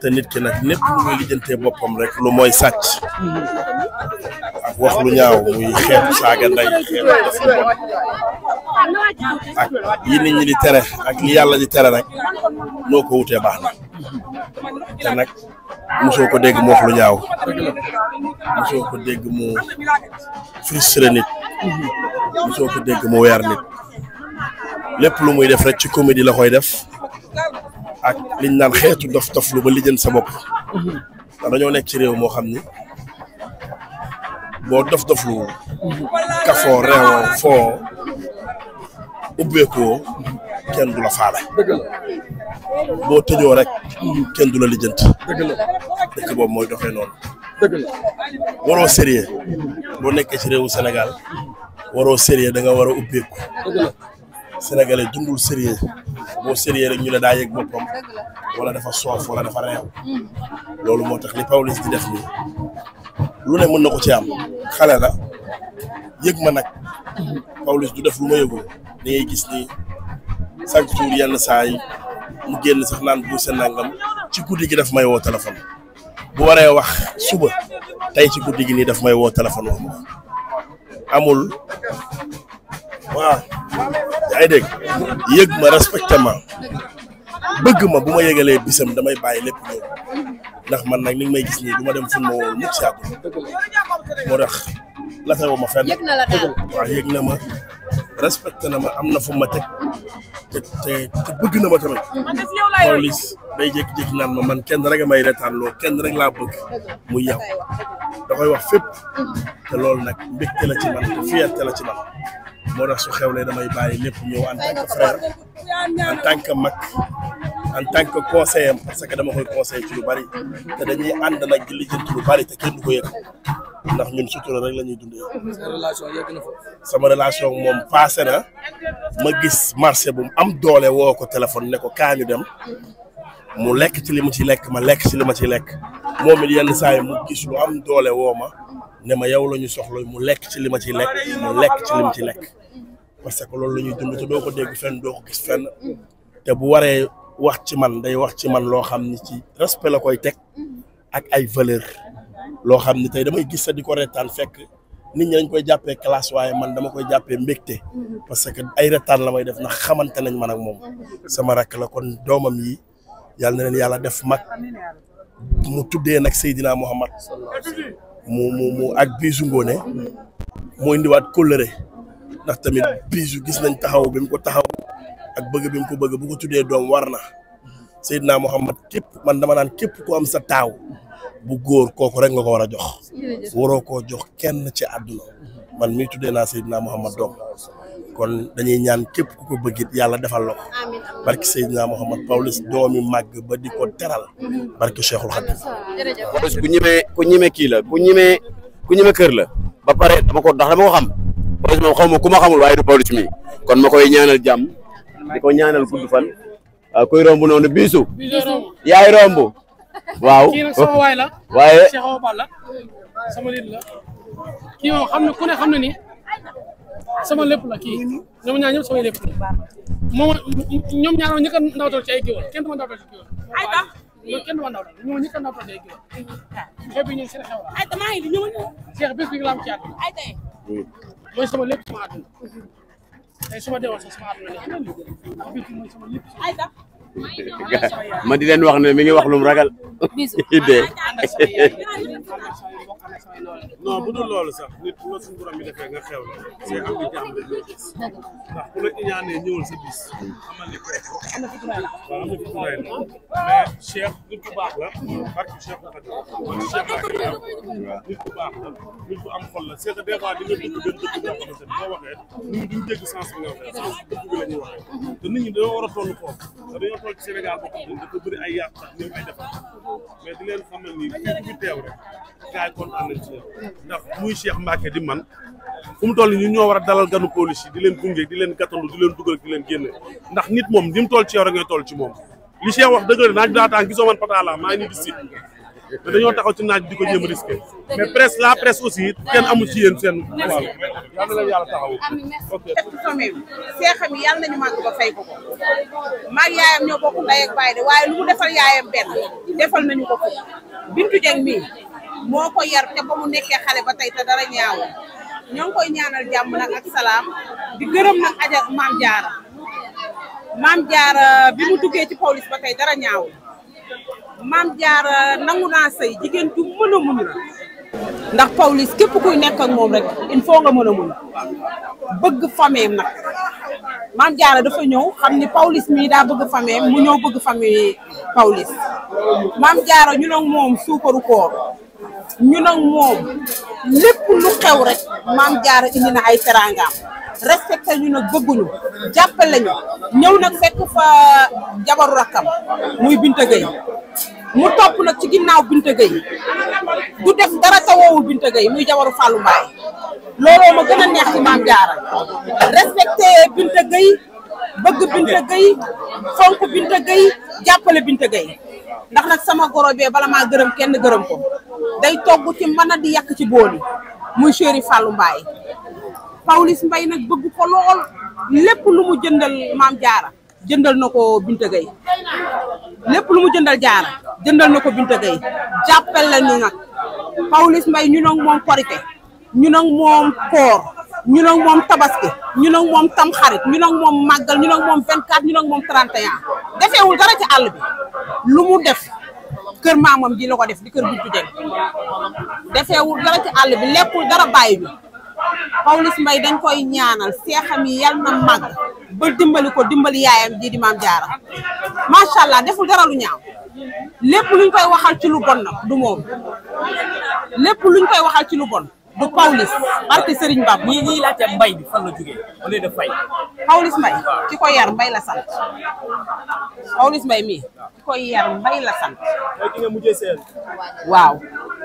te nit ki nag lépp lu muy lijjantee boppam rek lu mooy sàcc wax lu ñaaw muy xeetu saaga nday xeetu def nit ñi di ak yàlla di tere rek noo ko wutee baax na te nag mosoo ko dégg mu wax lu ñaaw mosoo ko dégg mu frustré nit mosoo ko dégg mu weer nit lépp lu muy def rek ci comédie la koy def ak liñ naan xeetu dof-dof lu ba lijjën sa bopp. nekk ci réew moo xam ni boo dof-dof lu kafoo reewoo foo ubbeekoo kenn du la faale. boo tëjoo rek. kenn du la lijjanti. dëgg la dëkk boobu mooy doxee noonu. dëgg la waroo sérieux boo nekkee ci réewu Sénégal waroo sérieux da nga war a ubbeeku. dëgg boo sérieux rek ñu ne daa yëg boppam wala dafa soof wala dafa reew loolu moo tax li Pawlish di def nii lu ne mën na ko ci am xale la yëg ma nag Pawlish du def lu ma yëgoo da gis ni chaque jour yenn saa yi mu génn sax naan bu seen nangam ci guddi gi daf may woo téléphone bu waree wax suba tey ci guddi gi nii daf may woo téléphone wax amul waaw yaa ngi dégg yëg ma bëgg ma bu ma yëgalee bisam damay bàyyi lépp ñëw ndax man nag ni may gis nii du ma dem fu ma woo mukk saako moo tax lafe ma fenn waaw yëg na ma respecté na ma am na fu ma teg te te bëgg na ma tamit police day jékki-jékki naan ma man kenn rek a may retaan loo kenn rek laa bëgg muy yow da wax fépp mm-hmm. te loolu nag mbégte la ci man te ci man moo tax su damay bàyyi lépp ñëw en tant que mag en tant parce que dama koy conseiller ci lu bari dañuy ànd lu bari te ndax ñun sutura rek la ñuy sama relation moom passé na ma gis marché bu mu am doole woo ko téléphone ne ko kaa ñu dem mu lekk ci li mu ci lekk ma lekk ci li ma ci lekk moom yenn saa yi mu doole woo ma ne yow la ñu soxla mu lekk ci li ma ci lekk mu lekk ci li mu ci lekk. parce que loolu la ñuy dund te doo ko dégg fenn doo ko gis fenn te bu waree wax ci man day wax ci man loo xam ni ci respect la koy teg ak ay valeur loo xam ni tey damay gis sa di ko reetaan fekk nit ñi dañ koy jàppee classe waaye man dama koy jàppee mbégte parce que ay reetaan la may def ndax xamante nañ man ak moom sama rakk la kon doomam yi yàlla na leen yàlla def mag mu tuddee nag Seydina Muhammad mu mu mu ak Bijou Ngoné moo indiwaat kóllëre ndax tamit Bijou gis nañ taxaw bi ko taxaw ak bëgg bi mu ko bëgg bu ko tuddee doom war na Seydina Mouhamad képp man dama naan képp ku am sa taaw bu góor kooku rek nga ko war a jox waroo koo jox kenn ci àdduna man mii tuddee naa Seydina Mouhamad doom kon dañuy ñaan képp ku ko bëggit yàlla defal la ko barki Seydina Mouhamad Pawlish doomi màgg ba di ko teral mhm. barki Cheikhul Khadim Pawlish ku ñimee ku ñime kii la ku ñimee ku ñime kër la ba pare dama ko ndax dama ko xam Pawlish moom xaw ma ku ma xamul waaye du Pawlish mi kon ma koy ñaanal jàmm di ko ñaanal gudd fan ah, kuy romb noonu biisu yaay romb waaw waaye sama nit la kii moom xam na ku ne xam na ni sama lépp la kii ñoom ñaar ñëpp sama lépp la moom ñoom ñaar ñi ko ndawtal ci ay géwal kenn du ma ndawtal ci géwal waaw kenn du ma ndawtal ñoom ñi ko ndawtal ci ay géwal xew bi ñu seen xew la seex bés bi nga la am ci at mooy sama lépp sama àdduna tey su ma deewoon sax sama àdduna la mooy sama lépp man di leen wax ne mi ngi wax lum ragal idée non bu dul loolu sax nit bu la suñu borom bi defee nga xew la c'est am di jàmm ndax ku la iñaanee ñëwul sa bis xamal nit ku baax la nit ku am xol la c'est que des fois di nga dugg benn dëkk boo xamante waxee nit ñi duñ dégg sens bi nga waxee mm-hmm. te nit ñi dañoo war a toll foofu dañoo toll ci Sénégal boo dafa bëri ay yàq sax ñoom ay defar mais di leen xamal ni fii fi teew rek gars kon kontaan nañ ci ndax muy Cheikh Mbacke di man fu mu toll nii ñoo war a dalal ganu police yi di leen gunge di leen gàttandu di leen dugal di leen génne ndax nit moom ni mu toll ci yow rek ngay ci moom li Cheikh wax dëgg la naaj bi daa tàng gisoo man Patala maa te dañoo taxaw ci naaj di ko jéem a risqué mais presse la presse aussi kenn amul ci yéen seen wàll yal na leen yàlla seexam yi yàlla nañu màgg ba fay ko ko maag yaayam ñoo bokk ndey ak baay de waaye lu mu defal yaayam benn defal nañu ko ko bintu jeng mii moo ko yar te ba mu nekkee xale ba tey te dara ñaaw ñoo ngi koy ñaanal jàmm nag ak salaam di gërëm nag aja maam jaara maam jaara bi mu duggee ci police ba tey dara ñaaw maam jaara nangu naa sëy jigéen ju mën a muñ la ndax Pawlish képp kuy nekk ak moom rek il faut nga mën a muñ bëgg fameem nag maam jaara dafa ñëw xam ni Pawlish mii daa bëgg fameem mu ñëw bëgg famille Pawlish maam jaara ñu nag moom suukaru koor ñu nag moom lépp lu xew rek maam jaara indi na ay teraangaam respecté ñu nag bëgguñu jàppale ñu ñëw nag fekk fa jabaru rakkam muy Binta Gueye mu topp nag ci ginnaaw Binta Gueye du def dara te woowul Binta Gueye muy jabaru Fallou Mbaye looloo ma gën a neex ci Mame Diarra respecté Binta bëgg Binta Gueye fonk jàppale Binta ndax nag sama goro bee bala maa gërëm kenn gërëm ko day togg ci mën a ci yàq ci muy chéri Fallou Mbaye Pawlish Mbaye nag bëgg ko lool lépp lu mu jëndal Mame Diarra jëndal na ko Binta Gueye lépp lu mu jëndal jaana jëndal na ko Binta Gueye jàppal la ñu nag Pawlish Mbaye ñu nag moom korite ñu nag moom koor ñu nag moom tabaski ñu nag moom tamxarit ñu nag moom màggal ñu nag moom 24 ñu nag moom 31 defeewul dara ci àll bi lu mu def kër maamam ji la ko def di kër Bintu Gueye defeewul dara ci àll bi lekkul dara bàyyi bi Pawlish mbay dañ koy ñaanal seexam yi yal na màgg ba dimbali ko dimbali yaayam ji di maam jaara macha allah deful dara lu ñaaw lépp luñ koy waxal ci lu bon nag du moom lépp luñ koy waxal ci lu bon du Pawlish barke Serigne Bab ñii ñii mbay bi fan la jógee au lieu de ki koy yar mbay la sant Pawlish Mbaye mii ki koy yar mbay la sant waaw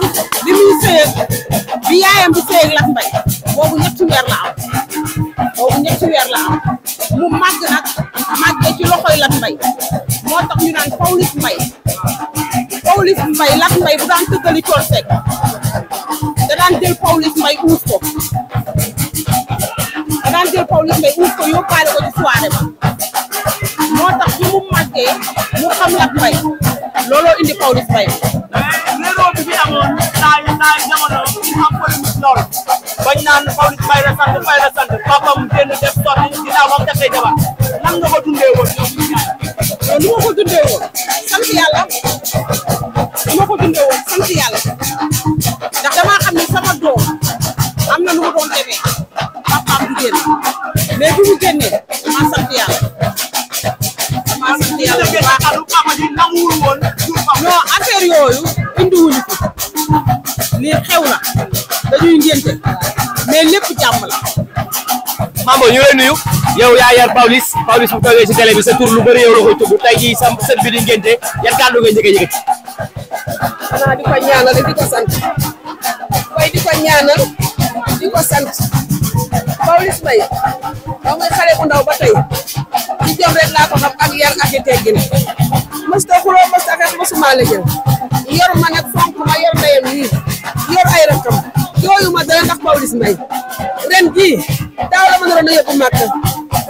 bi bi muy sëyeeg bi yaayam bi sëyeeg Lat Mbay boobu ñetti weer la am boobu ñetti weer la am mu màgg nag màggee ci loxoy Lat Mbay moo tax ñu naan Pawlish Mbay Pawlish Mbay Lat Mbay bu daan tëggali cool sekk da daan jël Pawlish Mbay uuf ko da daan jël Pawlish Mbay uuf ko yóbbaale ko ci soirée ba moo tax bi mu màggee mu xam Lat Mbay looloo indi Pawlish Mbay amoon temps yu temps yu jamono am polémique lool bañ naan Pawlish Mbaye la sant papam génn def sorti ginnaaw moom dafay jabar nan nga ko dundee woon lu ma ko dundee woon sant yàlla lu ma ko dundee woon sant yàlla ndax damaa xam ne sama doom am na lu mu doon demee papaam du génn mais bu mu génnee lii xew la dañuy ngénte mais lépp jàmm la. Mambo ñu lay nuyu yow yaa yar Pawlish Pawlish bu toogee ci télé bi sa tur lu bëri yow la koy tudd tey jii sam bi di ngénte yan kàddu nga njëkk a yëkkati. xanaa di ko ñaanal di ko sant. waaye di ko ñaanal sant. Pawlish Mbaye ba muy xale bu ndaw ba tey ci jom rek laa ko xam ak yar ak i teggin mësta xuloo mësta xeex mësuma la jël yor ma nag fonk ma yor ndeyam yi yor ay rakam yooyu ma dara ndax Pawlish Mbaye ren jii daaw la ma naroon a yóbbu màkk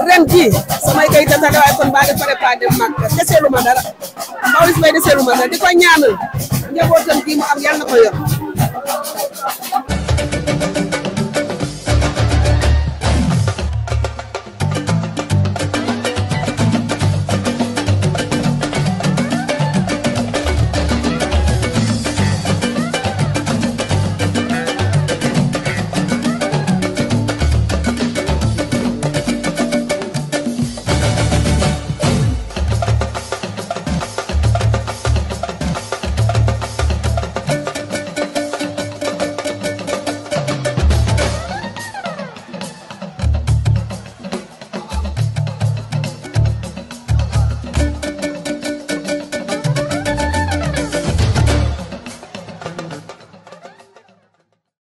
ren jii samay kayit a tax waaye kon baa def pare paa dem màkk deseelu ma dara Pawlish Mbaye deseelu ma dara di ko ñaanal njabootam gii mu am yàlla na ko yor